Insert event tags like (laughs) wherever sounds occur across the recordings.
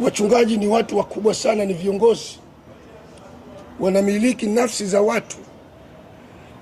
Wachungaji ni watu wakubwa sana, ni viongozi, wanamiliki nafsi za watu,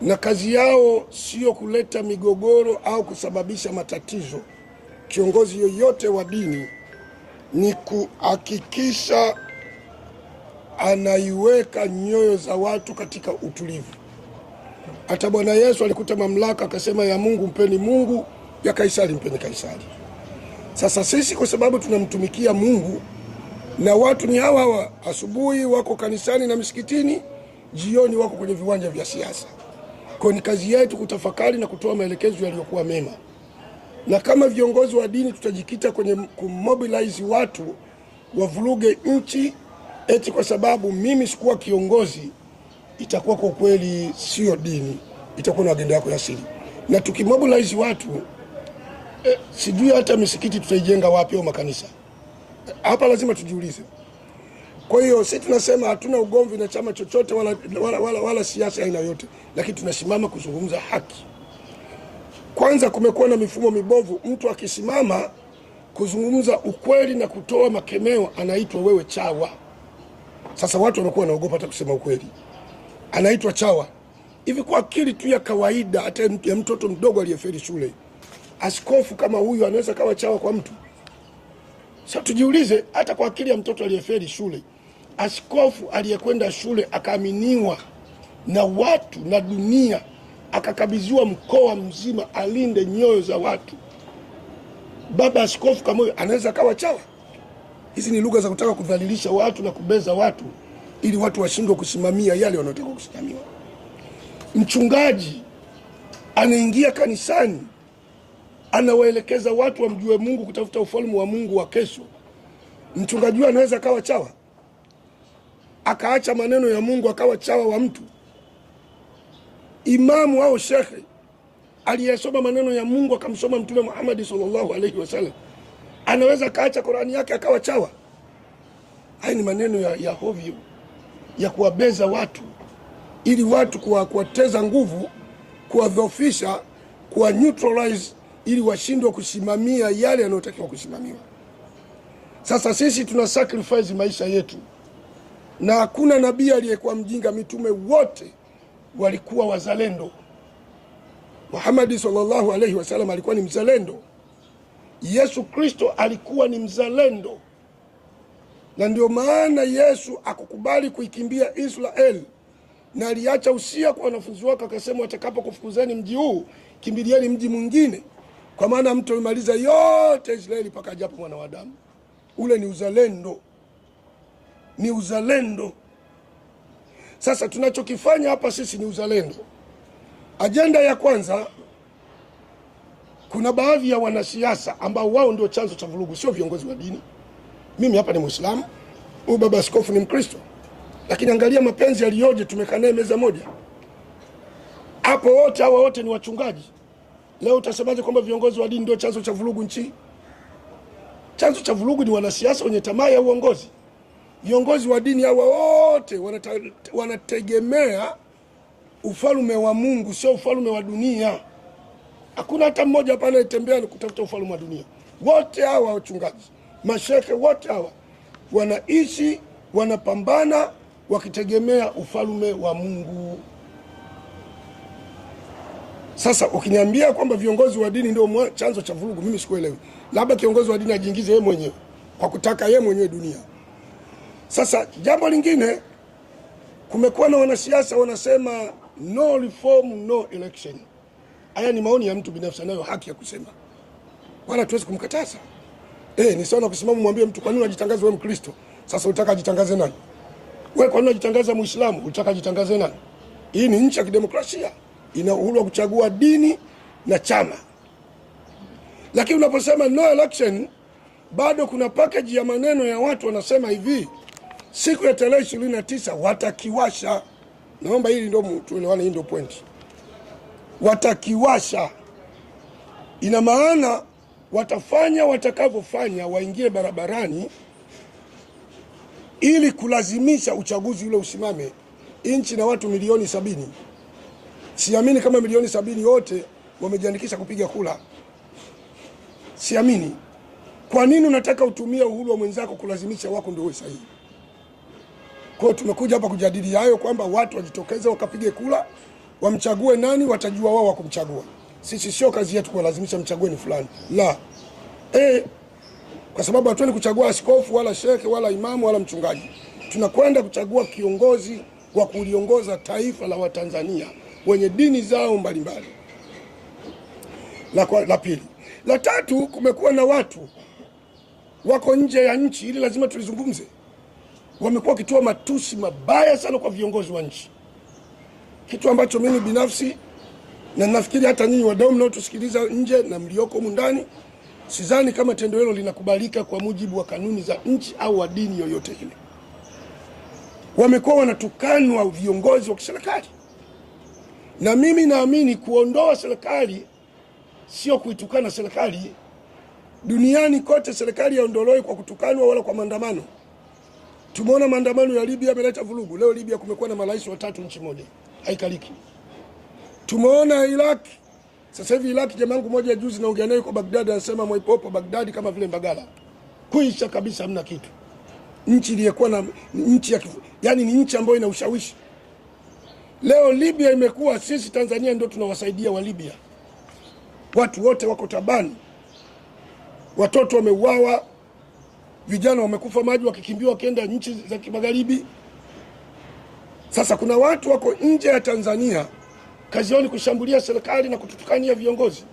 na kazi yao sio kuleta migogoro au kusababisha matatizo. Kiongozi yoyote wa dini ni kuhakikisha anaiweka nyoyo za watu katika utulivu. Hata Bwana Yesu alikuta mamlaka akasema, ya Mungu mpeni Mungu, ya Kaisari mpeni Kaisari. Sasa sisi kwa sababu tunamtumikia Mungu na watu ni hawa hawa, asubuhi wako kanisani na misikitini, jioni wako kwenye viwanja vya siasa. Kwa ni kazi yetu kutafakari na kutoa maelekezo yaliyokuwa mema, na kama viongozi wa dini tutajikita kwenye kumobilize watu wavuruge nchi eti kwa sababu mimi sikuwa kiongozi, itakuwa kwa kweli sio dini, itakuwa na agenda yako ya siri. Na tukimobilize watu eh, sijui hata misikiti tutaijenga wapi au makanisa hapa lazima tujiulize. Kwa hiyo sisi tunasema hatuna ugomvi na chama chochote wala, wala, wala, wala siasa aina yote, lakini tunasimama kuzungumza haki. Kwanza kumekuwa na mifumo mibovu, mtu akisimama kuzungumza ukweli na kutoa makemeo anaitwa wewe chawa. Sasa watu wamekuwa wanaogopa hata kusema ukweli, anaitwa chawa. Hivi kwa akili tu ya kawaida hata ya mtoto mdogo aliyefeli shule, askofu kama huyu anaweza kawa chawa kwa mtu? Sasa tujiulize, hata kwa akili ya mtoto aliyefeli shule, askofu aliyekwenda shule akaaminiwa na watu na dunia, akakabidhiwa mkoa mzima alinde nyoyo za watu, baba askofu kama huyo anaweza akawa chawa? Hizi ni lugha za kutaka kudhalilisha watu na kubeza watu ili watu washindwe kusimamia yale wanaotaka kusimamiwa. Mchungaji anaingia kanisani anawaelekeza watu wamjue Mungu, kutafuta ufalme wa Mungu wa kesho. Mchungaji anaweza akawa chawa akaacha maneno ya Mungu akawa chawa wa mtu. Imamu au shekhe aliyesoma maneno ya Mungu akamsoma Mtume Muhammad sallallahu alaihi wasallam anaweza akaacha Qurani yake akawa chawa. Haya ni maneno ya, ya hovyo ya kuwabeza watu ili watu kuwateza nguvu, kuwadhofisha, kuwa neutralize ili washindwe kusimamia yale yanayotakiwa kusimamiwa. Sasa sisi tuna sacrifice maisha yetu, na hakuna nabii aliyekuwa mjinga. Mitume wote walikuwa wazalendo. Muhammad sallallahu alaihi wasallam alikuwa ni mzalendo. Yesu Kristo alikuwa ni mzalendo, na ndio maana Yesu akukubali kuikimbia israel na aliacha usia kwa wanafunzi wake, akasema, watakapokufukuzeni kufukuzeni mji huu, kimbilieni mji mwingine. Kwa maana mtu amemaliza yote Israeli mpaka ajapo mwana wa Adamu. Ule ni uzalendo, ni uzalendo. Sasa tunachokifanya hapa sisi ni uzalendo. Ajenda ya kwanza, kuna baadhi ya wanasiasa ambao wao ndio chanzo cha vurugu, sio viongozi wa dini. Mimi hapa ni Muislamu, huyu baba askofu ni Mkristo, lakini angalia mapenzi yaliyoje, tumekaa naye meza moja hapo, wote hawa wote ni wachungaji Leo utasemaje kwamba viongozi wa dini ndio chanzo cha vurugu nchi? Chanzo cha vurugu ni wanasiasa wenye tamaa ya uongozi. Viongozi wa dini hawa wote wanategemea ufalme wa Mungu, sio ufalme wa dunia. Hakuna hata mmoja hapa anayetembea ni kutafuta ufalme wa dunia. Wote hawa wachungaji, mashehe, wote hawa wanaishi, wanapambana wakitegemea ufalme wa Mungu. Sasa ukiniambia kwamba viongozi wa dini ndio chanzo cha vurugu, mimi sikuelewi. Labda kiongozi wa dini ajiingize yeye mwenyewe kwa kutaka yeye mwenyewe dunia. Sasa jambo lingine, kumekuwa na wanasiasa wanasema no reform no election. Haya ni maoni ya mtu binafsi, anayo haki ya kusema, wala tuwezi kumkataza. Eh, ni sawa na kusimama mwambie mtu kwa nini unajitangaza wewe Mkristo? Sasa unataka ajitangaze nani? Wewe kwa nini unajitangaza Muislamu? Unataka ajitangaze nani? Hii ni nchi ya kidemokrasia ina uhuru wa kuchagua dini na chama. Lakini unaposema no election, bado kuna package ya maneno ya watu wanasema hivi, siku ya tarehe ishirini na tisa watakiwasha. Naomba hili ndio tuelewane, hii ndio point. Watakiwasha ina maana watafanya watakavyofanya, waingie barabarani ili kulazimisha uchaguzi ule usimame, nchi na watu milioni sabini Siamini kama milioni sabini wote wamejiandikisha kupiga kura, siamini. Kwa nini unataka utumie uhuru wa mwenzako kulazimisha wako ndio uwe sahihi? Kwa hiyo tumekuja hapa kujadili hayo kwamba watu wajitokeze wakapige kura, wamchague nani watajua wao wakumchagua. Sisi sio kazi yetu kuwalazimisha mchague ni fulani, la e, kwa sababu hatuendi kuchagua askofu wala shekhe wala imamu wala mchungaji. Tunakwenda kuchagua kiongozi wa kuliongoza taifa la Watanzania wenye dini zao mbalimbali. La, la pili. La tatu, kumekuwa na watu wako nje ya nchi, ili lazima tulizungumze. Wamekuwa wakitoa matusi mabaya sana kwa viongozi wa nchi, kitu ambacho mimi binafsi na nafikiri hata nyinyi wadau mnaotusikiliza nje na mlioko humu ndani, sidhani kama tendo hilo linakubalika kwa mujibu wa kanuni za nchi au wa dini yoyote ile. Wamekuwa wanatukanwa viongozi wa kiserikali na mimi naamini kuondoa serikali sio kuitukana serikali. Duniani kote serikali yaondolewe kwa kutukanwa wala kwa maandamano. Tumeona maandamano ya Libya yameleta vurugu. Leo Libya kumekuwa na marais watatu nchi moja, haikaliki. Tumeona Iraq sasa hivi Iraq, jamangu moja juzi naongea naye kwa Baghdad, anasema Mwaipopo Baghdad kama vile Mbagala, kuisha kabisa, hamna kitu. Nchi iliyokuwa na nchi ya kifu, yani, ni nchi ambayo ina ushawishi Leo Libya imekuwa sisi Tanzania ndio tunawasaidia wa Libya, watu wote wako tabani, watoto wameuawa, vijana wamekufa maji wakikimbia wakienda nchi za kimagharibi. Sasa kuna watu wako nje ya Tanzania, kazi yao ni kushambulia serikali na kututukania viongozi.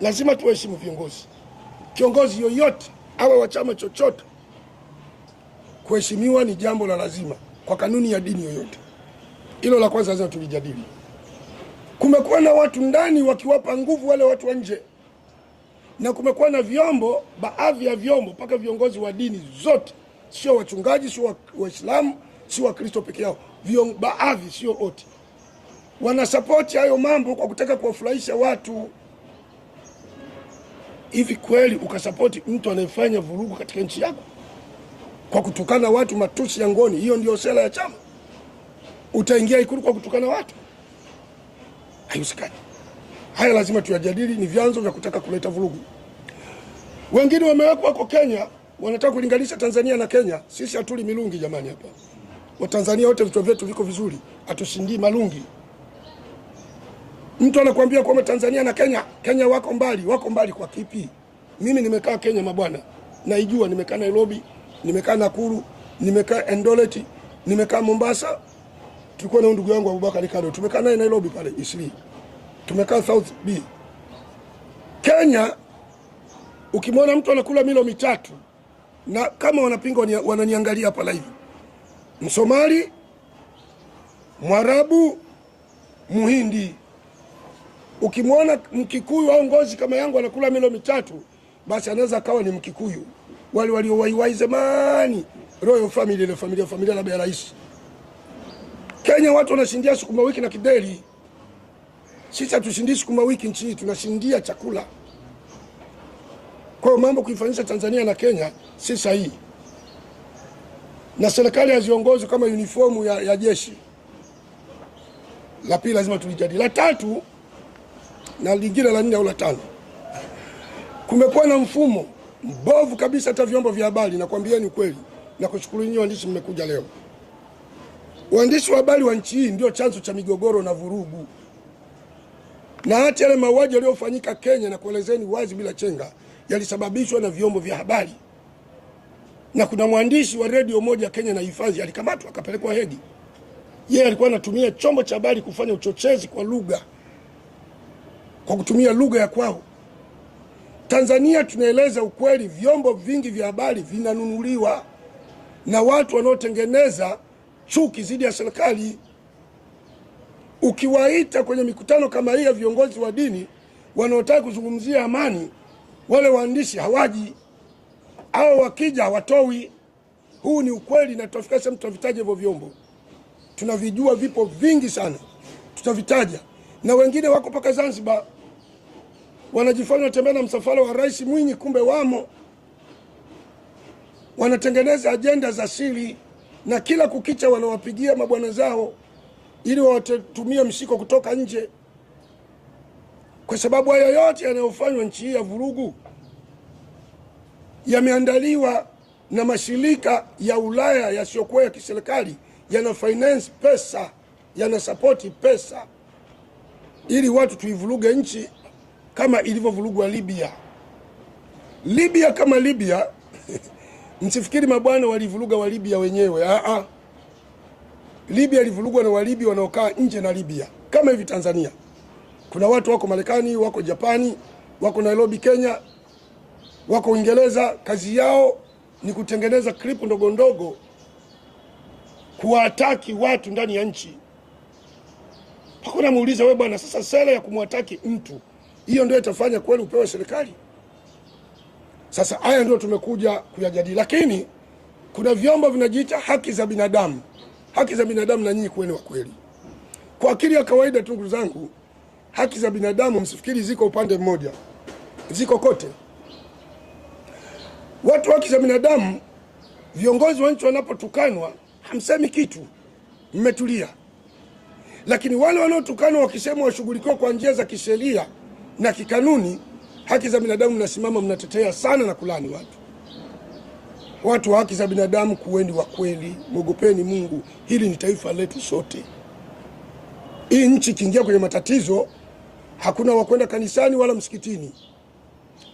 Lazima tuwaheshimu viongozi. Kiongozi yoyote awe wa chama chochote, kuheshimiwa ni jambo la lazima kwa kanuni ya dini yoyote. Hilo la kwanza lazima tulijadili. Kumekuwa na watu ndani wakiwapa nguvu wale watu wa nje, na kumekuwa na vyombo, baadhi ya vyombo mpaka viongozi wa dini zote, sio wachungaji, sio Waislamu, sio Wakristo peke yao, baadhi, sio wote, wanasapoti hayo mambo kwa kutaka kuwafurahisha watu. Hivi kweli ukasapoti mtu anayefanya vurugu katika nchi yako kwa kutukana watu matusi ya ngoni? Hiyo ndio sera ya chama? utaingia Ikulu kwa kutukana watu? Haiwezekani. Haya lazima tuyajadili, ni vyanzo vya kutaka kuleta vurugu. Wengine wamewekwa wako Kenya, wanataka kulinganisha Tanzania na Kenya. Sisi hatuli milungi jamani, hapa Watanzania wote vichwa vyetu viko vizuri, hatushindii malungi. Mtu anakuambia kwamba Tanzania na Kenya, Kenya wako mbali. Wako mbali kwa kipi? Mimi nimekaa Kenya mabwana, naijua. Nimekaa Nairobi, nimekaa Nakuru, nimekaa Endoleti, nimekaa Mombasa tulikuwa na ndugu yangu Abubakar Kado, tumekaa naye Nairobi pale Isri, tumekaa South B Kenya. Ukimwona mtu anakula milo mitatu na kama wanapinga wananiangalia hapa live, Msomali, Mwarabu, Muhindi, ukimwona Mkikuyu au ngozi kama yangu anakula milo mitatu, basi anaweza akawa ni Mkikuyu, wale waliowaiwai zamani, royal family, ile familia familia labda ya rais Kenya watu wanashindia sukuma wiki na kideli Sisi hatushindii sukuma wiki nchini, tunashindia chakula. Kwa hiyo mambo kuifanisha Tanzania na Kenya si sahihi, na serikali haziongozi kama uniformu ya, ya jeshi. La pili lazima tulijadili. La tatu na lingine la nne au la tano, kumekuwa na mfumo mbovu kabisa, hata vyombo vya habari. Nakwambieni ukweli na kushukuru nyinyi waandishi, mmekuja leo Waandishi wa habari wa nchi hii ndio chanzo cha migogoro na vurugu, na hata yale mauaji yaliyofanyika Kenya, na kuelezeni wazi bila chenga, yalisababishwa na vyombo vya habari. Na kuna mwandishi wa redio moja Kenya na hifadhi alikamatwa akapelekwa Hedi. Yeye alikuwa anatumia chombo cha habari kufanya uchochezi kwa lugha, kwa kutumia lugha ya kwao. Tanzania tunaeleza ukweli, vyombo vingi vya habari vinanunuliwa na watu wanaotengeneza chuki dhidi ya serikali. Ukiwaita kwenye mikutano kama hii ya viongozi wa dini wanaotaka kuzungumzia amani, wale waandishi hawaji au wakija hawatowi Huu ni ukweli, na tutafika sehemu tutavitaja hivyo vyombo, tunavijua, vipo vingi sana, tutavitaja na wengine wako mpaka Zanzibar wanajifanya na msafara wa Rais Mwinyi, kumbe wamo wanatengeneza ajenda za siri na kila kukicha wanawapigia mabwana zao ili wawatumie msiko kutoka nje, kwa sababu hayo yote yanayofanywa nchi hii ya vurugu yameandaliwa na mashirika ya Ulaya yasiyokuwa ya kiserikali, yana finance pesa, yana support pesa, ili watu tuivuruge nchi kama ilivyovurugwa Libya. Libya kama Libya (laughs) Msifikiri mabwana walivuruga wa Libya wenyewe. Aa, ah, ah. Libya ilivurugwa na Walibya wanaokaa nje na Libya, kama hivi Tanzania kuna watu wako Marekani, wako Japani, wako Nairobi Kenya, wako Uingereza. Kazi yao ni kutengeneza klipu ndogo ndogo kuwataki watu ndani ya nchi. Hakuna muulize wewe bwana, sasa sera ya kumwataki mtu hiyo ndio itafanya kweli upewe serikali? Sasa haya ndio tumekuja kuyajadili, lakini kuna vyombo vinajiita haki za binadamu. Haki za binadamu na nyinyi kuweni wa kweli. Kwa akili ya kawaida tu, ndugu zangu, haki za binadamu msifikiri ziko upande mmoja, ziko kote. Watu haki za binadamu, viongozi wa nchi wanapotukanwa, hamsemi kitu, mmetulia. Lakini wale wanaotukanwa wakisema washughulikiwa kwa njia za kisheria na kikanuni haki za binadamu mnasimama mnatetea sana na kulani watu watu wa haki za binadamu, kuweni wa kweli, mwogopeni Mungu. Hili ni taifa letu sote. Hii nchi ikiingia kwenye matatizo, hakuna wakwenda kanisani wala msikitini,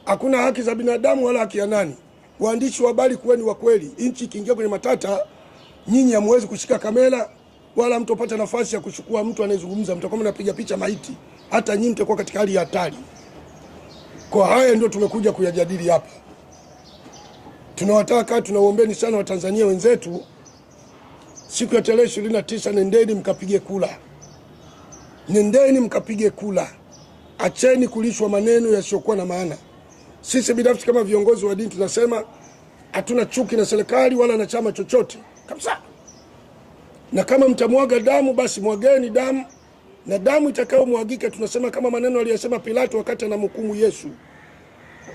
hakuna haki za binadamu wala haki ya nani. Waandishi wa habari, kuweni wa kweli. Nchi ikiingia kwenye matata, nyinyi hamwezi kushika kamera wala mtopata nafasi ya kuchukua mtu anayezungumza, mtakuwa mnapiga picha maiti, hata nyinyi mtakuwa katika hali ya hatari. Kwa haya ndio tumekuja kuyajadili hapa. Tunawataka, tunaombeni sana Watanzania wenzetu, siku ya tarehe ishirini na tisa nendeni mkapige kula, nendeni mkapige kula. Acheni kulishwa maneno yasiyokuwa na maana. Sisi binafsi kama viongozi wa dini tunasema hatuna chuki na serikali wala na chama chochote kabisa, na kama mtamwaga damu basi mwageni damu na damu itakayomwagika, tunasema kama maneno aliyosema Pilato wakati anamhukumu Yesu.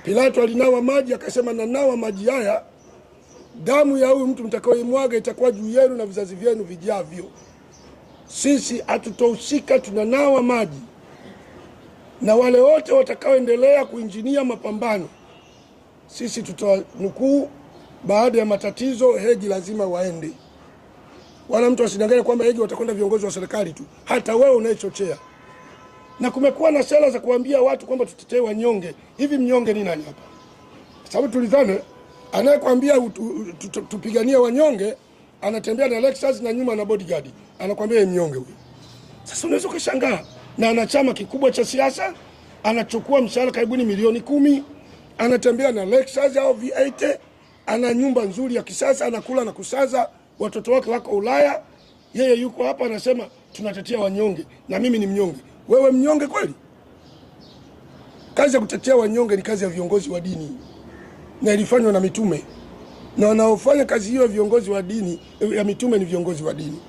Pilato alinawa maji akasema, nanawa maji haya, damu ya huyu mtu mtakaoimwaga itakuwa juu yenu na vizazi vyenu vijavyo. Sisi hatutohusika, tunanawa maji, na wale wote watakaoendelea kuinjinia mapambano, sisi tutanukuu baada ya matatizo, heji lazima waende wala mtu asidanganye kwamba yeye watakwenda viongozi wa serikali tu, hata wewe unayechochea. Na kumekuwa na sera za kuambia watu kwamba tutetee wanyonge. Hivi mnyonge ni nani hapa? Sababu tulizane, anayekwambia tupiganie wanyonge anatembea na Lexus na nyuma na bodyguard, anakwambia yeye mnyonge huyo. Sasa unaweza kushangaa, na ana chama kikubwa cha siasa, anachukua mshahara karibuni milioni kumi, anatembea na Lexus au V8, ana nyumba nzuri ya kisasa, anakula na kusaza watoto wake wako Ulaya, yeye yuko hapa anasema tunatetea wanyonge, na mimi ni mnyonge. Wewe mnyonge kweli? Kazi ya kutetea wanyonge ni kazi ya viongozi wa dini na ilifanywa na mitume, na wanaofanya kazi hiyo ya viongozi wa dini ya mitume ni viongozi wa dini.